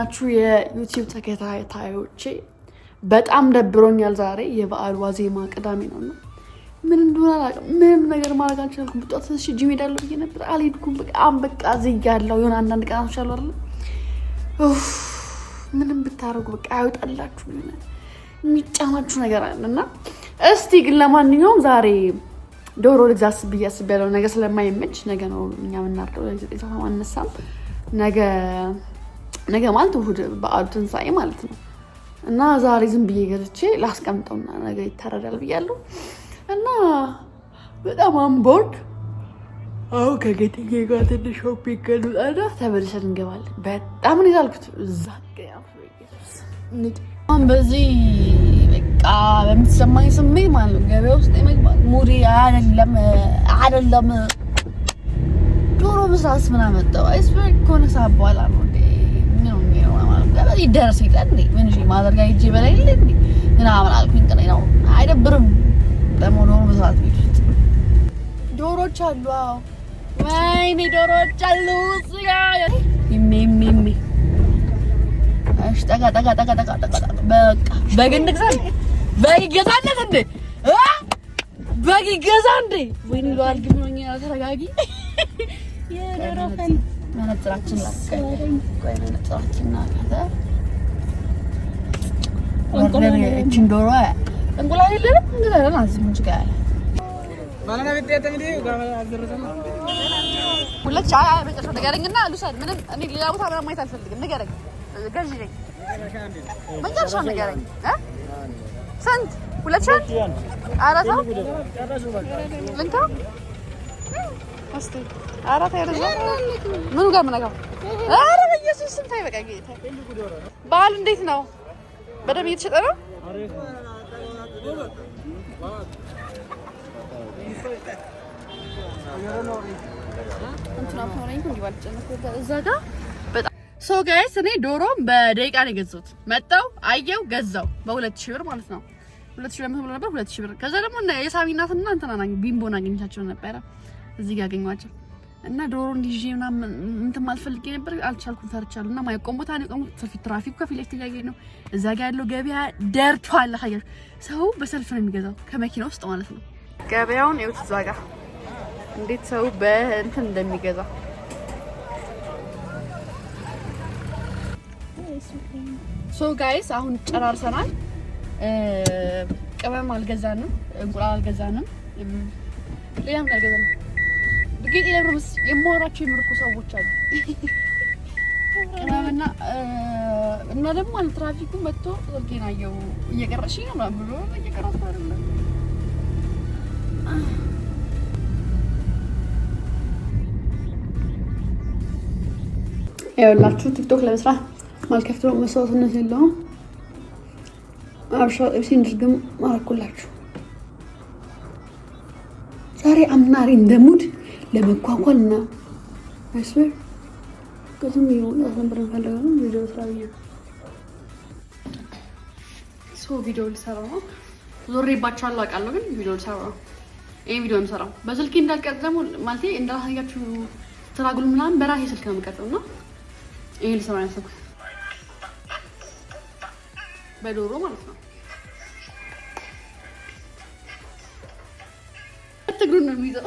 የተወደዳችሁ የዩቲዩብ ተከታታዮቼ በጣም ደብሮኛል። ዛሬ የበዓል ዋዜማ ቅዳሜ ነው እና ምን እንደሆነ አላውቅም። ምንም ነገር ማድረግ አልቻልኩም። ብጣ ተሽ ጂም ሄዳለሁ ብዬ ነበር አልሄድኩም። በጣም በቃ ያለው የሆነ አንዳንድ ቀናቶች አሉ አለ ምንም ብታደርጉ በቃ አይወጣላችሁ፣ የሚጫናችሁ ነገር አለ እና እስቲ ግን ለማንኛውም ዛሬ ዶሮ ልግዛ አስቤ ያለው ነገ ስለማይመች ነገ ነው እኛ የምናርደው። ዘጠኝ ሰዓት አነሳም ነገ ነገ ማለት እሑድ በዓሉ ትንሳኤ ማለት ነው እና ዛሬ ዝም ብዬ ገዝቼ ላስቀምጠውና ነገ ይታረዳል ብያለሁ እና በጣም አምቦርድ አሁ ከጌጤጌ ጋር ትንሽ ሾፒንግ እንውጣና ተመልሰን እንገባለን። በጣም ነው ያልኩት እዛ አሁን በዚህ በቃ በምትሰማኝ ስሜት ማለት ነው ገበያ ውስጥ የመግባት ሙሪ አይደለም አይደለም ዶሮ ምሳስ ምናምን መጣሁ አይስበርግ ከሆነ በኋላ ነው ስለዚህ ደርስ ይላል እንዴ ምን ማዘርጋ ሄጄ በላይ ይላል እንዴ ምናምን አልኩኝ። ቅኔ ነው አይደብርም። ደግሞ ዶሮ መስራት ቤት ውስጥ ዶሮች አሉ። ወይኔ ዶሮዎች አሉ። ሜሜሜ ጠጋ ጠጋ ጠጋ ጠጋ ጠጋ በቃ በግ እንግዛን በግ ይገዛለት እንዴ በግ ይገዛ እንዴ ወይኔ ለዋል ግን ተረጋጊ የዶሮ ፈን መነጽራችን መነጽራችን ዶሮ እንቁላል የለንም እንገዛለን። አዝሙጭ ጋር ሁለት ሻ መጨረሻ ንገረኝና ማየት አልፈልግም። ንገረኝ፣ ስንት? ሁለት ሻ አራት ነው ልንተው እስቲ ኧረ ተይ ምኑ ጋር የምነካው? ኧረ በኢየሱስ ስም ተይ በቃ ጌታ። በዓል እንዴት ነው? በደንብ እየተሸጠ ነው? ሶ ጋይስ እኔ ዶሮም በደቂቃ ነው የገዛሁት። መጣሁ፣ አየሁ፣ ገዛሁ በሁለት ሺህ ብር ማለት ነው። ሁለት ሺህ ብር ነበር፣ ሁለት ሺህ ብር ከዛ ደግሞ የሳሚ እናትና እንትና ቢምቦን አገኘቻቸው ነበረ እዚህ ጋር ያገኟቸው እና ዶሮ እንዲዤ ምናምን እንትን ማልፈልጌ ነበር፣ አልቻልኩም፣ ፈርቻለሁ። እና ማይቆም ቦታ ነው የቆምኩት። ሰፊ ትራፊኩ ከፊት ለፊት ነው። እዛ ጋር ያለው ገበያ ደርቷል። ሀገር ሰው በሰልፍ ነው የሚገዛው ከመኪና ውስጥ ማለት ነው። ገበያውን ይኸውት እዛ ጋር እንዴት ሰው በእንትን እንደሚገዛ ሶ ጋይስ አሁን ጨራርሰናል። ቅመም አልገዛንም፣ እንቁላል አልገዛንም፣ ሌላም አልገዛንም። ጌጤ ለምርምስ የማወራቸው የምርኩ ሰዎች አሉ። ቅናምና እና ደግሞ ትራፊኩ መጥቶ ስልኬን አየሁ እየቀረሽ ነው ብሎ እየቀረስ አይደለም ያውላችሁ ቲክቶክ ለመስራት ማልከፍት ነው መስዋዕትነት የለውም። አብሻ እንድርግም ዛሬ አምናሪ እንደሙድ ለመኳኳልና አይስበር ቅዝም የመውጣት ነበር ንፈለገ ቪዲዮ ስራ ብዬ ቪዲዮ ልሰራ ነው። ዞሬባቸዋለሁ አውቃለሁ፣ ግን ቪዲዮ ልሰራ ነው። ይህ ቪዲዮ የምሰራው በስልኬ እንዳልቀጥ ደግሞ ማለቴ እንዳላሳያችሁ ትራጉል ምናምን በራሴ ስልክ ነው የምቀጥለው እና ይህ ልሰራ ያሰብኩት በዶሮ ማለት ነው። ትግሩን ነው የሚይዘው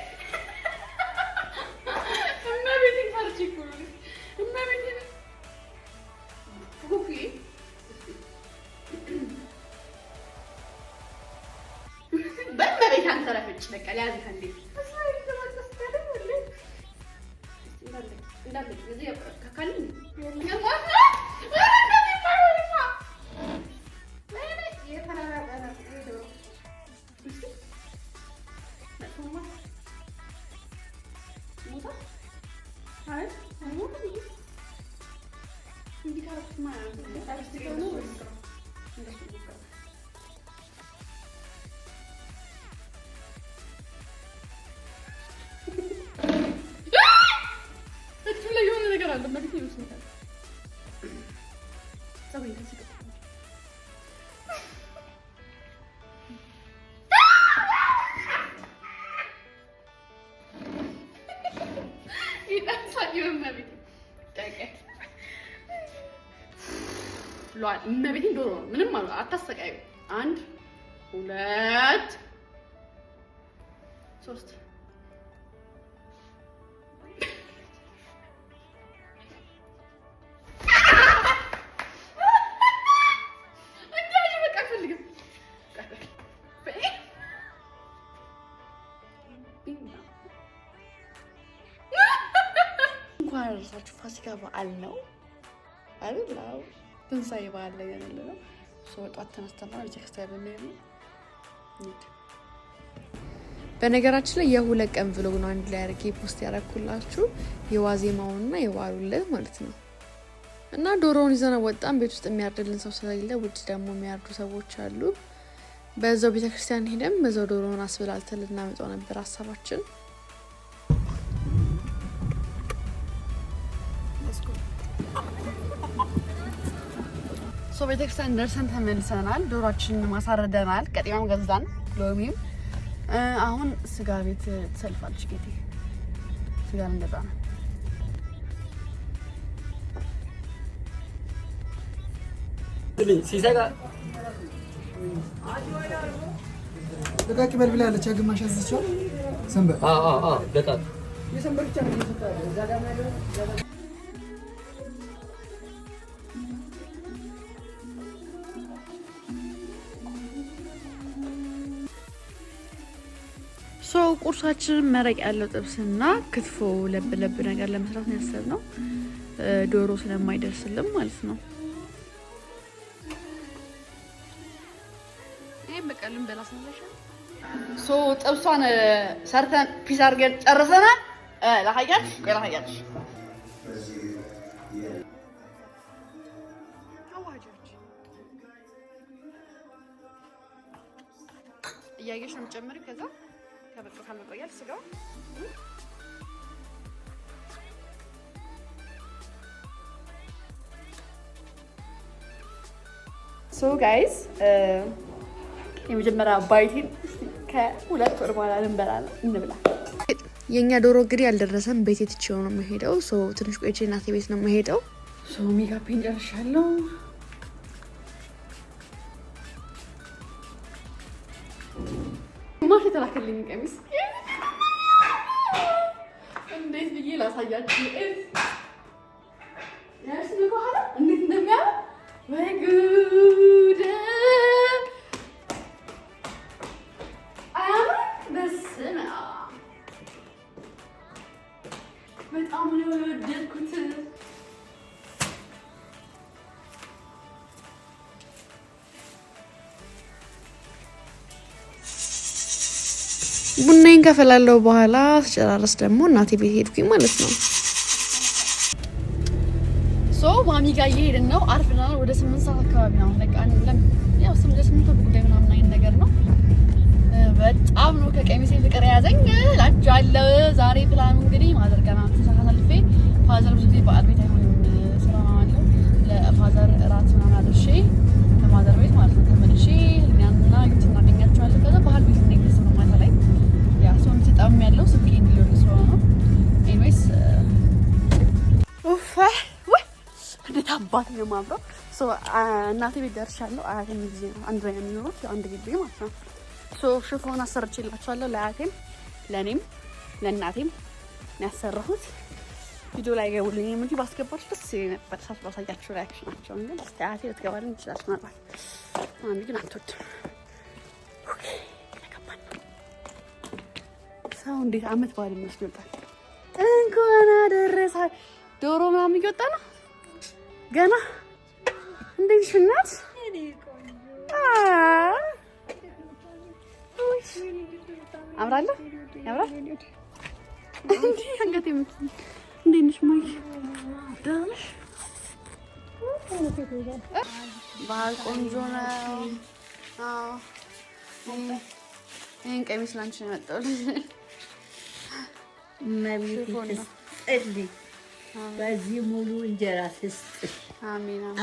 gracias, ብለዋል። እመቤቴን ዶሮ ነው ምንም አሉ አታሰቃዩ። አንድ ሁለት ሶስት እንኳን አደረሳችሁ ፋሲካ በዓል ነው አይደል? ትንሣኤ በዓል ላይ ያለ ነው። ጠዋት ተነስተናል ቤተክርስቲያን በሚሄድ ነው። በነገራችን ላይ የሁለት ቀን ብሎግ ነው አንድ ላይ አድርጌ ፖስት ያደረኩላችሁ የዋዜማውንና የበዓሉን ማለት ነው። እና ዶሮውን ይዘን ወጣን። ቤት ውስጥ የሚያርድልን ሰው ስለሌለ ውጭ ደግሞ የሚያርዱ ሰዎች አሉ። በዛው ቤተክርስቲያን ሄደን በዛው ዶሮውን አስበላልተን ልናመጣው ነበር ሀሳባችን። ሶ ቤተክርስቲያን ደርሰን ተመልሰናል። ዶሯችንን ማሳረደናል። ቀጤማም ገዛን፣ ሎሚም። አሁን ስጋ ቤት ትሰልፋለች ጌቴ። ስጋ ልንገዛ ነው። ደቃቂ በል ብላ ያለች ግማሽ አዝቸው ሰንበር ሶ ቁርሳችን መረቅ ያለው ጥብስና ክትፎ ለብ ለብ ነገር ለመስራት ነው ያሰብነው፣ ዶሮ ስለማይደርስልም ማለት ነው። ሶ ጥብሷን ሰርተን ፒስ አድርገን ጨርሰናል። ላሳያችሁ፣ ቆይ እያየሽ ነው የምጨምር ከዛ ተበጥቷል መቆያል ስጋው ሶ ጋይስ የመጀመሪያ ባይቴን ከሁለት ወር በኋላ ልንበላ ነው እንብላ። የእኛ ዶሮ እንግዲህ አልደረሰም ቤቴ ትቼው ነው የምሄደው። ትንሽ ቆይቼ እናቴ ቤት ነው የምሄደው። ሜካፔን ጨርሻለሁ። በጣም ነው የወደድኩት። ቡናዬን ከፈላለሁ በኋላ ስጨራረስ ደግሞ እናቴ ቤት ሄድኩኝ ማለት ነው። ሶ ማሚ ጋር እየሄድን ነው። አርፍናል። ወደ ስምንት ሰዓት አካባቢ ነው ለቃ ለስምንት ጉዳይ ምናምን በጣም ነው ከቀሚሴ ፍቅር የያዘኝ እላችኋለሁ። ዛሬ ፕላኑ እንግዲህ ማዘር ገና ተሳሳልፌ ፋዘር ብዙ ጊዜ በዓል ቤት አይሆንም ስራ አለው። ለፋዘር እራት ምናምን አድርሼ ከማዘር ቤት ማለት ነው ተመልሼ እኛና ግት እናገኛቸዋለን። ከዛ ባህል ቤት እንደ ነው ማታ ላይ ያ ሰውም ሲጣም ያለው ስልኬ እንዲሆን ስለሆነ ነው። ኤኒዌይስ ውፋ እንዴት አባት ነው የማምረው። እናቴ ቤት ደርሻለሁ። አያቴ ጊዜ ነው አንድ ላይ የሚኖሩት አንድ ጊዜ ማለት ነው ሽፎን አሰርችላችኋለሁ። ለአያቴም፣ ለእኔም፣ ለእናቴም ያሰራሁት ቪዲዮ ላይ ገቡልኝ እንጂ ባስገባች ደስ ነበር። ሳስ ባሳያችሁ ሪያክሽናቸውን ግን ስ አያቴ ልትገባልኝ ይችላች ምናልባት ማሚ ግን አትወድም። ሰው እንዴት አመት በዓል መስሎ ይወጣል። እንኳን አደረሳ ዶሮ ምናምን እየወጣ ነው ገና እንዴት ሽናት ያምራል ያምራል። አንገቴ ምት እንዴት ነሽ ማይ? ደህና ነሽ? ባህል ቆንጆ ነው። ይህን ቀሚስ ላንቺ ነው ያመጣሁልሽ። በዚህ ሙሉ እንጀራ ትስጥሽ፣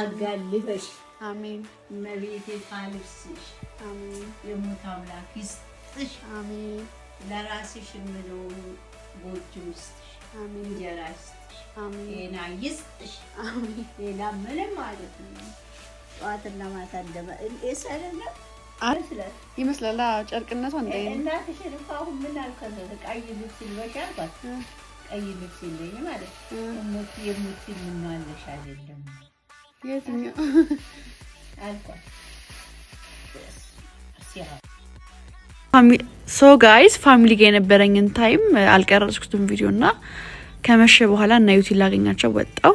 አጋልበሽ አሜን። እመቤቴ ታልብስሽ፣ የሞት አምላክ ይስጥሽ አሜን። ለራስሽ የምለውን ጎጆ ይስጥሽ፣ እንጀራ ይስጥሽ፣ ጤና ይስጥሽ። ሌላ ምንም ማለት ነው። ጠዋትና ማታ እንደሰለለ ይመስላል ጨርቅነቷ። እናትሽን አሁን ምን ቀይ ልብስ አልኳት። ቀይ ልብስ የለኝ ማለት እሞት አይደለም የትኛው አልኳት ሲያ ሶ ጋይስ ፋሚሊ ጋ የነበረኝን ታይም አልቀረጽኩትም ቪዲዮ እና ከመሸ በኋላ እና ዩቲ ላገኛቸው ወጣው።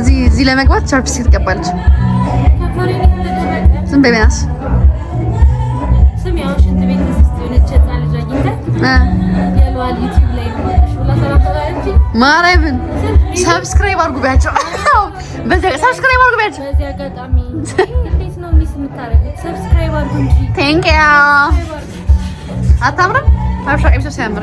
እዚህ ለመግባት ቻርፕ ትቀባለች። ዝም በይ በእናትሽ ማርያምን ሰብስክራይብ አድርጉ ቢያቸው፣ ሰብስክራይብ አድርጉ ቢያቸው። ቴንክ ዩ አታምርም? ሀበሻ ቀሚስ ሲያምር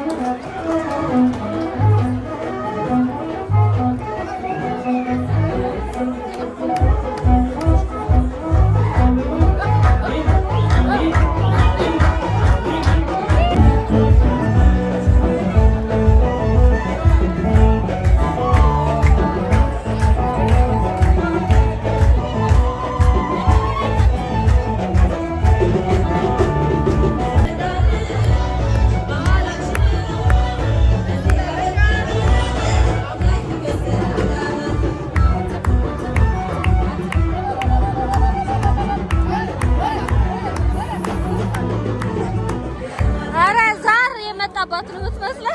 Come on, come on. አባት ነው የምትመስለው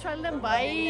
Try them. Bye.